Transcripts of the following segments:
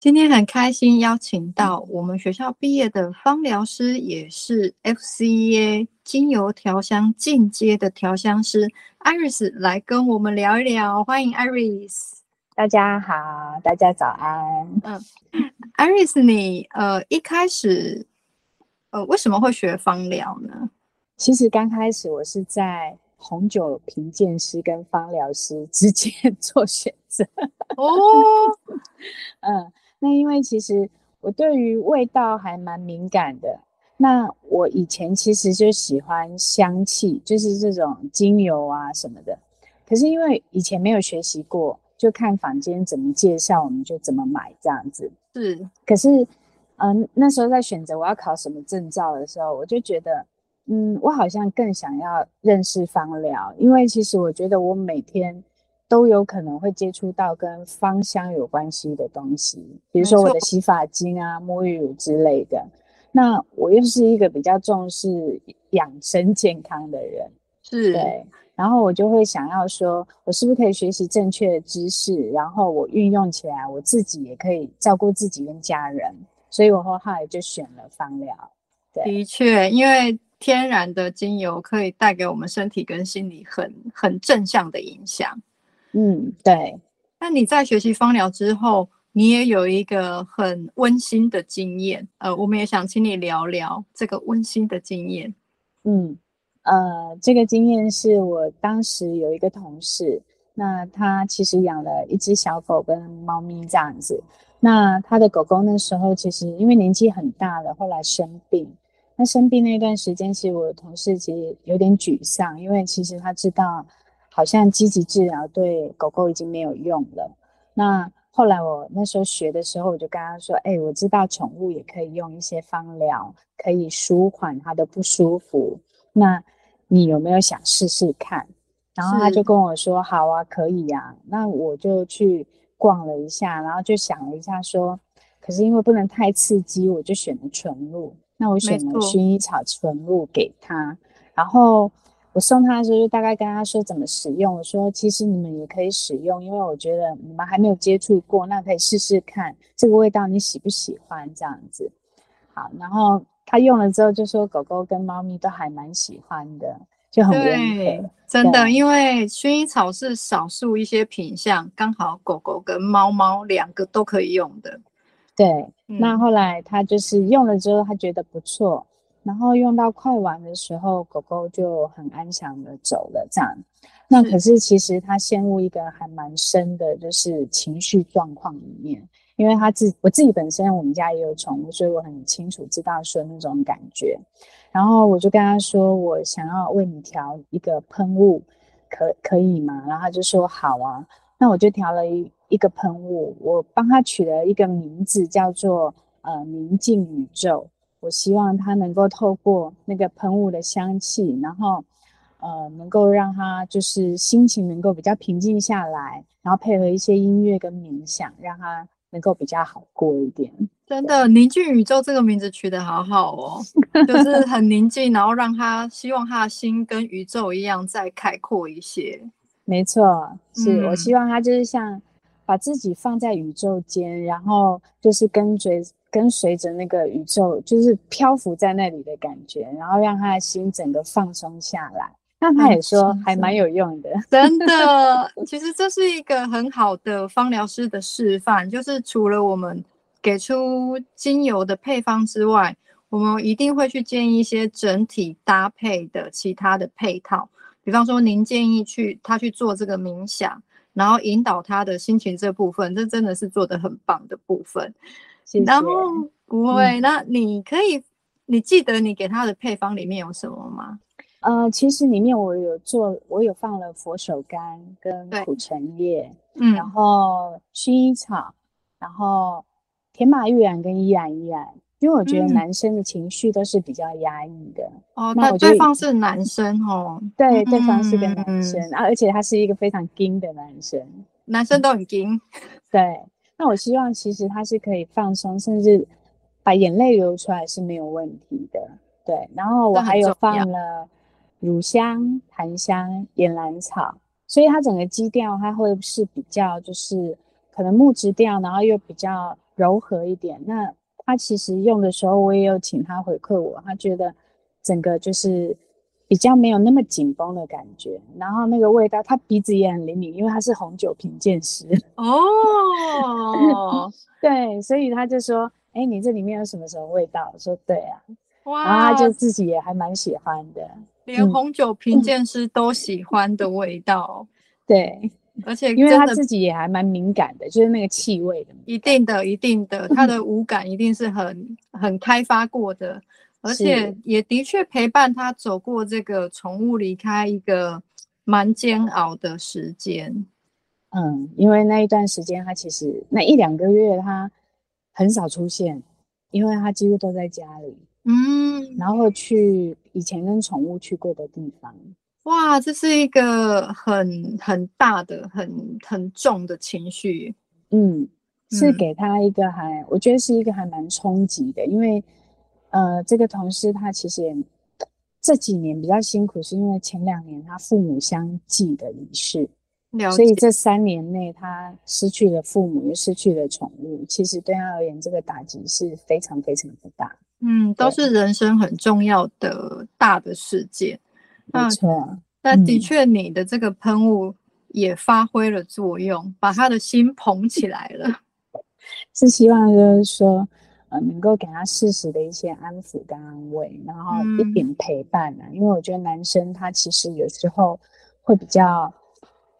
今天很開心邀請到我們學校畢業的芳療師，也是 F.C.A. 精油調香進階的調香師，Iris 來跟我們聊一聊。歡迎 Iris，大家好，大家早安。嗯，Iris，你呃一開始呃為什麼會學芳療呢？其實剛開始我是在紅酒品鑑師跟芳療師之間做選擇。哦， 嗯。那因為其實我對於味道還蠻敏感的，那我以前其實就喜歡香氣，就是這種精油啊什麼的。可是因為以前沒有學習過，就看坊間怎麼介紹，我們就怎麼買這樣子。是，可是，嗯、呃，那時候在選擇我要考什麼證照的時候，我就覺得，嗯，我好像更想要認識芳療，因為其實我覺得我每天，都有可能會接觸到跟芳香有關係的東西，比如說我的洗髮精啊、沐浴乳之類的。那我又是一個比較重視養生健康的人，是對，然後我就會想要說，我是不是可以學習正確的知識，然後我運用起來，我自己也可以照顧自己跟家人。所以我後來就選了芳療。的確，因為天然的精油可以帶給我們身體跟心理很很正向的影響。嗯，對。那你在學習芳療之後，你也有一個很溫馨的經驗，呃，我們也想請你聊聊這個溫馨的經驗。嗯，呃，這個經驗是我當時有一個同事，那他其實養了一隻小狗跟貓咪這樣子。那他的狗狗那時候其實因為年紀很大了，後來生病。那生病那段時間，其實我的同事其實有點沮喪，因為其實他知道。好像積極治療對狗狗已經沒有用了。那後來我那時候學的時候，我就跟他說：“哎，我知道寵物也可以用一些芳療，可以舒緩它的不舒服。那”那你有沒有想試試看？然後他就跟我說：“是好啊，可以呀、啊。”那我就去逛了一下，然後就想了一下說：“可是因為不能太刺激，我就選了純露。”那我選了薰衣草純露給他，錯然後。我送他的時候就大概跟他說怎麼使用。我說其實你們也可以使用，因為我覺得你們還沒有接觸過，那可以試試看這個味道你喜不喜歡這樣子。好，然後他用了之後就說狗狗跟貓咪都還蠻喜歡的，就很溫和，對對真的。因為薰衣草是少數一些品項剛好狗狗跟貓貓兩個都可以用的。對，嗯、那後來他就是用了之後他覺得不錯。然後用到快完的時候，狗狗就很安詳的走了。這樣，那可是其實它陷入一個還蠻深的，就是情緒狀況裡面。因為他自我自己本身，我們家也有寵物，所以我很清楚知道說那種感覺。然後我就跟他說，我想要為你調一個噴霧，可可以嗎？然後他就說好啊。那我就調了一一個噴霧，我幫他取了一個名字，叫做呃寧靜宇宙。我希望他能夠透過那個噴霧的香氣，然後，呃，能夠讓他就是心情能夠比較平靜下來，然後配合一些音樂跟冥想，讓他能夠比較好過一點。真的，寧靜對宇宙這個名字取得好好哦， 就是很寧靜，然後讓他希望他的心跟宇宙一樣再開闊一些。沒錯，是，嗯、我希望他就是像把自己放在宇宙間，然後就是跟隨。跟隨着那個宇宙，就是漂浮在那裡的感覺，然後讓他心整個放鬆下來。那他也說還蠻有用的，啊、真的。 其實這是一個很好的芳療師的示範，就是除了我們給出精油的配方之外，我們一定會去建議一些整體搭配的其他的配套。比方說，您建議去他去做這個冥想，然後引導他的心情這部分，這真的是做得很棒的部分。謝謝，然後不會，那你可以，嗯、你記得你給他的配方裡面有什麼嗎？呃，其實裡面我有做，我有放了佛手柑跟苦橙葉，嗯，然後薰衣草，然後甜馬鬱蘭跟依蘭依蘭，因為我覺得男生的情緒都是比較壓抑的。嗯、哦，那對，對方是男生哦？對，對方是個男生，嗯嗯嗯啊、而且他是一個非常精的男生，男生都很精，嗯，對。那我希望其實它是可以放鬆，甚至把眼淚流出來是沒有問題的，對。然後我還有放了乳香、檀香、岩蘭草，所以它整個基調它會是比較就是可能木質調，然後又比較柔和一點。那它其實用的時候，我也有請他回饋我，他覺得整個就是。比較沒有那麼緊繃的感覺，然後那個味道，他鼻子也很靈敏，因為他是紅酒品鑑師哦。 對，所以他就說：“哎、欸，你這裡面有什麼什麼味道？”我說：“對啊。”哇，他就自己也還蠻喜歡的，連紅酒品鑑師都喜歡的味道。嗯、 對，而且真的因為他自己也還蠻敏感的，就是那個氣味的味道。一定的，一定的，他的五感一定是很很開發過的。而且也的確陪伴他走過這個寵物離開一個蠻煎熬的時間。嗯，因為那一段時間他其實那一兩個月他很少出現，因為他幾乎都在家裡。嗯，然後去以前跟寵物去過的地方。哇，這是一個很很大的、很很重的情緒。嗯，嗯，是給他一個還，我覺得是一個還蠻衝擊的，因為。呃，這個同事他其實也這幾年比較辛苦，是因為前兩年他父母相繼的離世，解所以這三年內他失去了父母，又失去了寵物，其實對他而言，這個打擊是非常非常的大。嗯，都是人生很重要的對大的事件。啊、沒錯錯，那的確，你的這個噴霧也發揮了作用，嗯、把他的心捧起來了。是希望就是說，呃，能夠給他適時的一些安撫跟安慰，然後一點陪伴吶、啊。嗯、因為我覺得男生他其實有時候會比較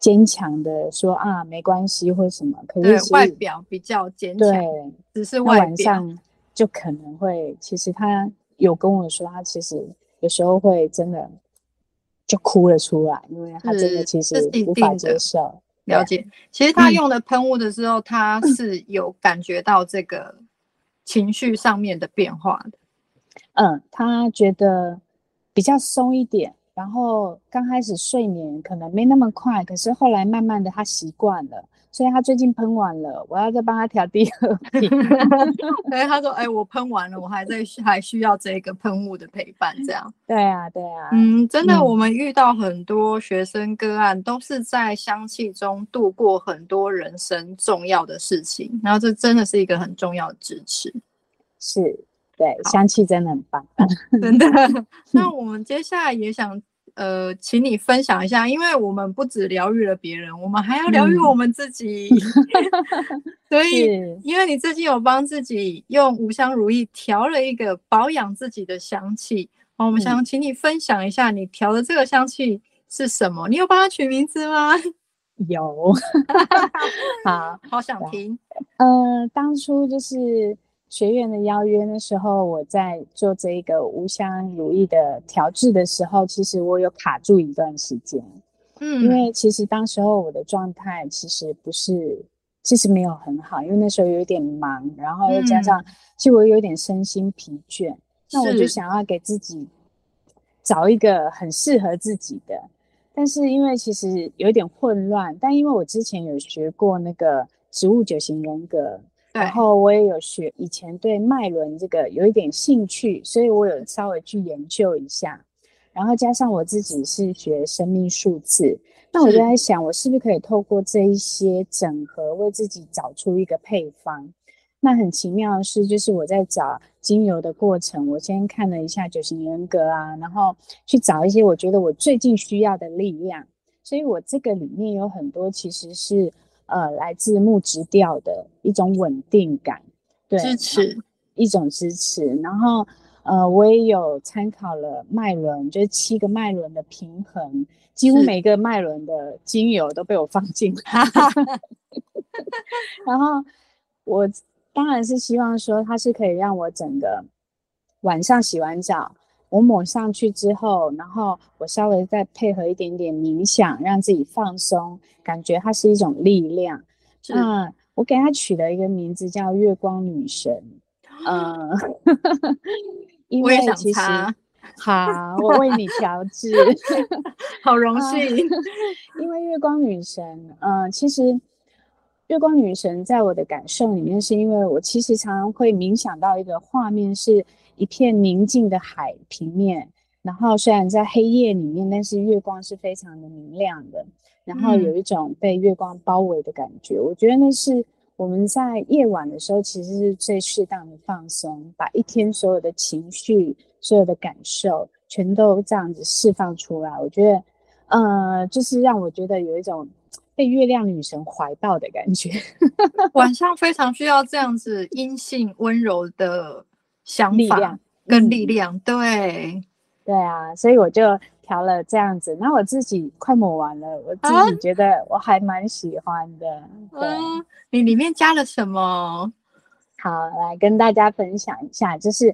堅強的說啊，沒關係或什麼。可是是對，外表比較堅強，對，只是外表。他晚上就可能會，其實他有跟我說，他其實有時候會真的就哭了出來，因為他真的其實無法接受。了解，對其實他用了噴霧的時候，嗯、他是有感覺到這個。情緒上面的變化，嗯，他覺得比較鬆一點，然後剛開始睡眠可能沒那麼快，可是後來慢慢的他習慣了。所以他最近噴完了，我要再幫他調第二瓶。哎， 他說：“哎、欸，我噴完了，我還在還需要這個噴霧的陪伴。”這樣。對啊，對啊。嗯，真的，嗯、我們遇到很多學生個案，都是在香氣中度過很多人生重要的事情。然後，這真的是一個很重要的支持。是。對，好香氣真的很棒， 真的。 那我們接下來也想。呃，請你分享一下，因為我們不止療癒了別人，我們還要療癒我們自己。嗯、 所以，是因為你最近有幫自己用五香如意調了一個保養自己的香氣，哦，我們想請你分享一下你調的這個香氣是什麼？嗯、你有幫他取名字嗎？有， 好，好想聽、啊。呃，當初就是。學院的邀約的時候，我在做這個無相如意的調製的時候，其實我有卡住一段時間。嗯，因為其實當時候我的狀態其實不是，其實沒有很好，因為那時候有點忙，然後又加上，其實我有點身心疲倦。嗯、那我就想要給自己找一個很適合自己的，是但是因為其實有點混亂，但因為我之前有學過那個植物九型人格。然後我也有學以前對脈輪這個有一點興趣，所以我有稍微去研究一下。然後加上我自己是學生命數字，那我就在想，我是不是可以透過這一些整合，為自己找出一個配方？那很奇妙的是，就是我在找精油的過程，我先看了一下九型人格啊，然後去找一些我覺得我最近需要的力量。所以我這個裡面有很多其實是。呃，來自木質調的一種穩定感，對，支持、嗯、一種支持。然後，呃，我也有參考了脈輪，就是七個脈輪的平衡，幾乎每個脈輪的精油都被我放進來。是 然後，我當然是希望說，它是可以讓我整個晚上洗完澡。我抹上去之後，然後我稍微再配合一點點冥想，讓自己放鬆，感覺它是一種力量。那是、嗯、我給它取了一個名字叫月光女神， 嗯，因為其實我也想擦，好， 我為你調製， 好榮幸、嗯，因為月光女神，嗯，其實月光女神在我的感受裡面，是因為我其實常常會冥想到一個畫面是。一片寧靜的海平面，然後雖然在黑夜裡面，但是月光是非常的明亮的，然後有一種被月光包圍的感覺。嗯。我覺得那是我們在夜晚的時候，其實是最適當的放鬆，把一天所有的情緒、所有的感受全都這樣子釋放出來。我覺得，呃，就是讓我覺得有一種被月亮女神懷抱的感覺。晚上非常需要這樣子陰性、溫柔的。想法跟力量，嗯、對，對啊，所以我就調了這樣子。那我自己快抹完了，啊、我自己覺得我還蠻喜歡的。嗯、哦，對你裡面加了什麼？好，來跟大家分享一下，就是，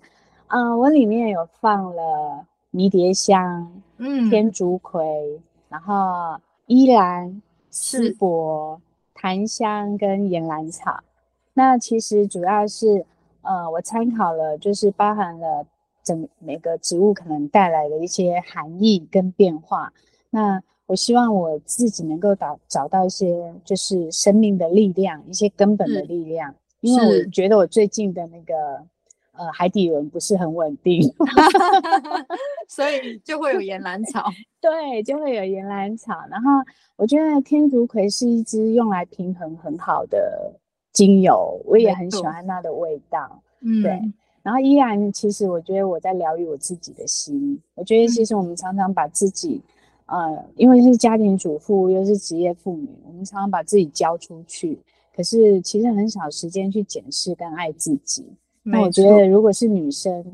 呃，我裡面有放了迷迭香、嗯、天竺葵，然後依蘭、絲柏是檀香跟岩蘭草。那其實主要是。呃，我參考了，就是包含了整每個植物可能帶來的一些含義跟變化。那我希望我自己能夠找找到一些，就是生命的力量，一些根本的力量。嗯、因為我覺得我最近的那個是呃海底輪不是很穩定， 所以就會有岩蘭草。 對，就會有岩蘭草。然後我覺得天竺葵是一支用來平衡很好的。精油，我也很喜歡它的味道。錯對嗯，對。然後依然，其實我覺得我在療癒我自己的心。我覺得其實我們常常把自己，嗯、呃，因為是家庭主婦又是職業婦女，我們常常把自己交出去。可是其實很少時間去檢視跟愛自己。錯那我覺得如果是女生，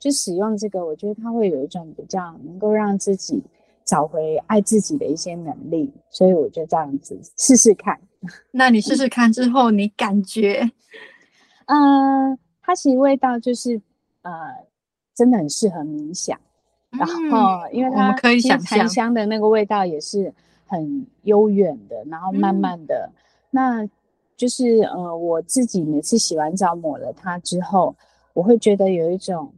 就使用這個，我覺得它會有一種比較能夠讓自己。找回愛自己的一些能力，所以我就這樣子試試看。那你試試看之後，嗯、你感覺？嗯、呃，它其實味道就是，呃，真的很適合冥想。嗯、然後，因為它，我們可以想像，檀香的那個味道也是很悠遠的，然後慢慢的，嗯、那就是呃，我自己每次洗完澡抹了它之後，我會覺得有一種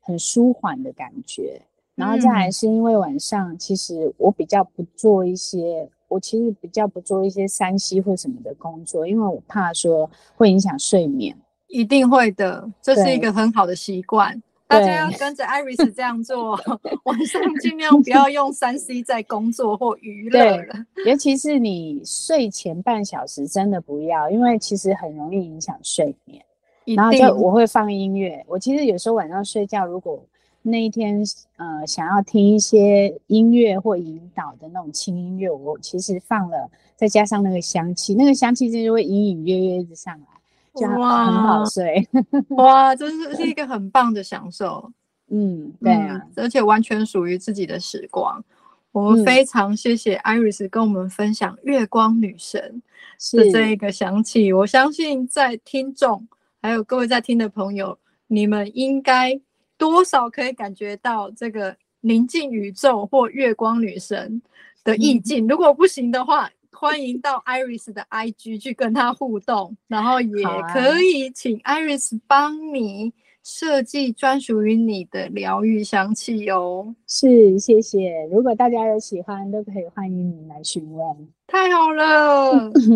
很舒緩的感覺。然後再來是因為晚上，其實我比較不做一些，嗯、我其實比較不做一些三 C 或什麼的工作，因為我怕說會影響睡眠。一定會的，這是一個很好的習慣，對大家要跟着 Iris 這樣做，對晚上儘量不要用三 C 在工作或娛樂。尤其是你睡前半小時真的不要，因為其實很容易影響睡眠。一定。然後就我會放音樂，我其實有時候晚上睡覺如果。那一天，呃，想要聽一些音樂或引導的那種輕音樂，我其實放了，再加上那個香氣，那個香氣就會隱隱約約的上來，哇，很好睡。哇，真是 是一個很棒的享受。嗯，嗯，對啊，而且完全屬於自己的時光。我們非常謝謝 Iris 跟我們分享月光女神是這一個香氣。是我相信在聽眾還有各位在聽的朋友，你們應該。多少可以感覺到這個寧靜宇宙或月光女神的意境？嗯、如果不行的話，歡迎到 Iris 的 IG 去跟她互動，然後也可以請 Iris 幫你設計專屬於你的療癒香氣哦。是，謝謝。如果大家有喜歡，都可以歡迎你來詢問。太好了，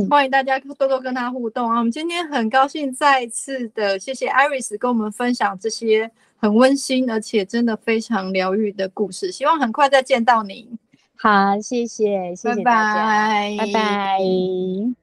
歡迎大家多多跟她互動啊！我們今天很高興再次的謝謝 Iris 跟我們分享這些很溫馨，而且真的非常療癒的故事。希望很快再見到你。好，謝謝，謝謝大家，拜拜。拜拜。